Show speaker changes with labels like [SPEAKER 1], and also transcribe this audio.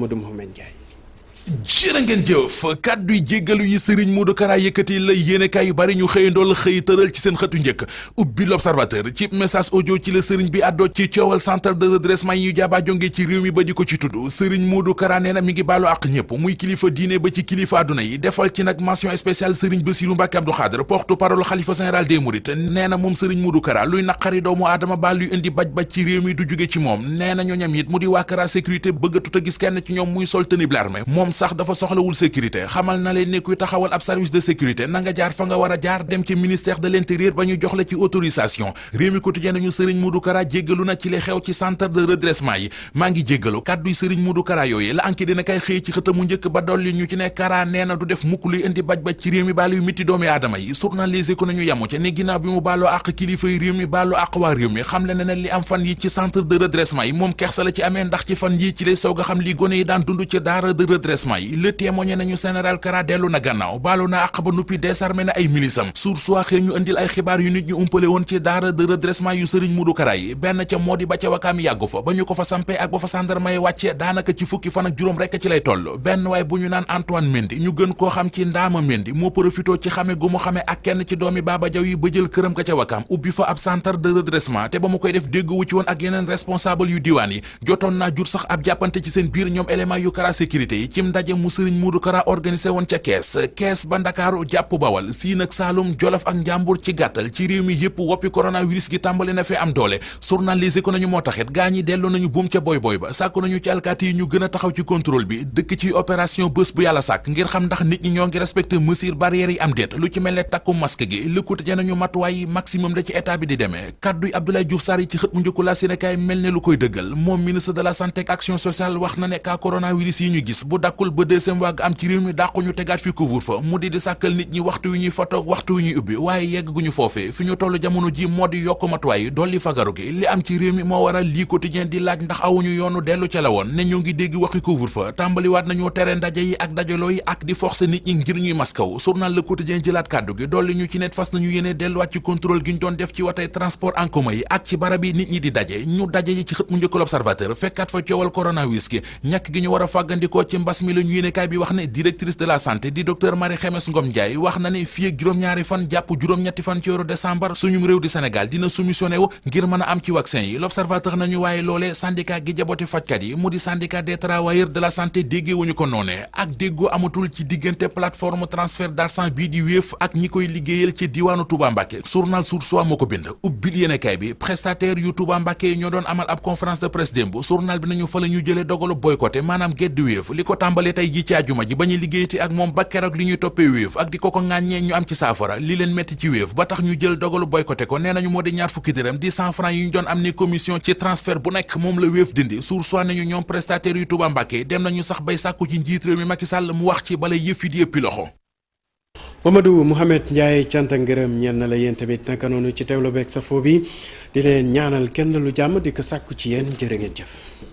[SPEAKER 1] Amadou Mouhamed Ndiaye jërë ngeen jëf kàddu yi jéggalu yi Serigne Modou Kara yëkkati la yéenekaay yu bari ñu xëyandool xëy tëral ci seen xëtu njëkk ubbi l'observateur ci message audio ci la Serigne bi àddoo ci coowal centre de redressement yi ñu jaaba ci réew mi ba di ko ci tudd Serigne Modou Kara nee na mi ngi baalu àq ñëpp muy kilifa diine ba ci kilifa àdduna yi defal ci nag mention spéciale Serigne Bassirou Mbacké Abdou Khadre porte-parole xalifa général des Mourides nee na moom Serigne Modou Kara luy naqari doomu aadama ba moom nee na ñooñam it mu di waa gis kenn ci ñoom muy sol tenue moom sax dafa soxlawul sécurité xamal na leen ne kuy taxawal ab service de sécurité na nga jaar fa nga war a jaar dem ci ministère de l'intérieur ba ñu jox la ci autorisation réew mi quotidien nañu sëriñ du Kara jéggalu na ci li xew ci centre de redressement yi maa ngi jéggalu kàdduy sëriñ Modou Kara yooyu la anki dina kay xëy ci xëtamu njëkk ba dolli ñu ci ne Kara nee na du def mukk luy indi baj-baj ci réew mi bàalu yu mitti doomi aadama yi journaliste ko nañu yamu ca ne ginnaaw bi mu bàlloo àq kilifa yi réew mi bàlloo àq waa réew fan yi ci centre de redressement yi moom la ci ci fan yi ci lay soog li gone yi daan dund ci daara de redressement yi le témoigné nañu général Kara dellu na gannaaw baalu na àq ba nuppi désarmé na ay milisam sursoi xëy ñu indil ay xibaar yu nit ñu umpale woon ci daara de yu sëriñ Mudu Kara yi benn ca moo di ba ca wakaam yàggu fa ba ñu ko fa sampee ak ba fa sandarma yi wàcce daanaka ci fukki fan ak juróom rekk ci lay toll benn waaye bu ñu naan Antoine Mendy ñu gën koo xam ci Ndaama Mendy moo profitoo ci xame gu mu xame ak kenn ci doomi Baba Jaw yi ba jël këram ka ca wakaam ubbi fa ab centre de redressement te yu diwaan yi jotoon naa jur sax ab jàppante ci seen biir yi ndaje mu sëriñ Modou Kara organisé woon ca kees kees ba ndakaaru jàpp bawal siin saalum jolof ak njàmbur ci gàttal ci réew mi yëpp woppi coronavirus gi tàmbali na fee am doole journalisé ko nañu moo taxit gaa delloo nañu buum ca boy boy ba sàkku nañu ci alkaati yi ñu gën a taxaw ci contrôle bi dëkk ci opération bés bu yàlla sàkk ngir xam ndax nit ñi ñoo ngi respecté mesures barrières yi am déet lu ci mel ne takku masque gi lëkkute ja nañu matuwaay dàqul ba deuxième vague am ci réew mi dàqu ñu tegaat fi couvre-feu mu di di sàkkal nit ñi waxtu yu ñuy fotoog waxtu yu ñuy ubbi waaye yegg gu ñu fi ñu toll jamono ji moo di yokk matuwaay dolli fagaru nañu tere delluwaat ci contrôle gi ñu doon def ci watay transport en yi ak ci barab yi nit ñi di daje ñu daje yi ci xët mu njëkkal observateur fekkaat fa coowal coronavirus gi ñàkk gi ñu war a fàggandikoo ci mbas mi mi la ñu yéene kaay bi wax ne directrice de la santé di docteur Marie Khemesse Ngom Ndiaye wax na ne fii ak juróom-ñaari fan jàpp juróom-ñetti fan ci weeru décembre suñum réew di Sénégal dina soumissionné wu ngir mën a am ci vaccin yi l'observateur nañu waaye loolee syndicat gi jabote fajkat yi mu di syndicat des travailleurs de la santé déggee wuñu ko noone ak déggoo amatul ci diggante plateforme transfert d'argent bii di wéef ak ñi koy liggéeyal ci diwaanu Touba Mbacké journal Source A moo ko bind ubbil yéene kaay bi prestataire yu ñoo doon amal ab conférence de presse démb journal bi la ñu jëlee dogalu boycotté maanaam geddi wéef li tàmbalee tey ji ci àjjuma ji ba ñu liggéeyati ak moom ba keroog li ñuy toppee wéef ak di ko ko ŋàññee ñu am ci saafara li leen metti ci wéef ba tax ñu jël dogalu boycotté ko nee nañu moo di ñaar fukki dërëm di cent francs yu ñu doon am ni commission ci transfert bu nekk moom la wéef dindi sur soit nañu ñoom prestataire yu Touba Mbacké dem nañu sax bay sàkku ci njiit réew mi Macky Sall mu wax ci bala yëf yi di ëppi loxo Mamadou Mouhamed Ndiaye cant ak ngërëm ñeen na la yéen tamit naka noonu ci teewlu beeg safo bi di ñaanal kenn lu jàmm di ko sàkku ci yéen jërë ngeen jëf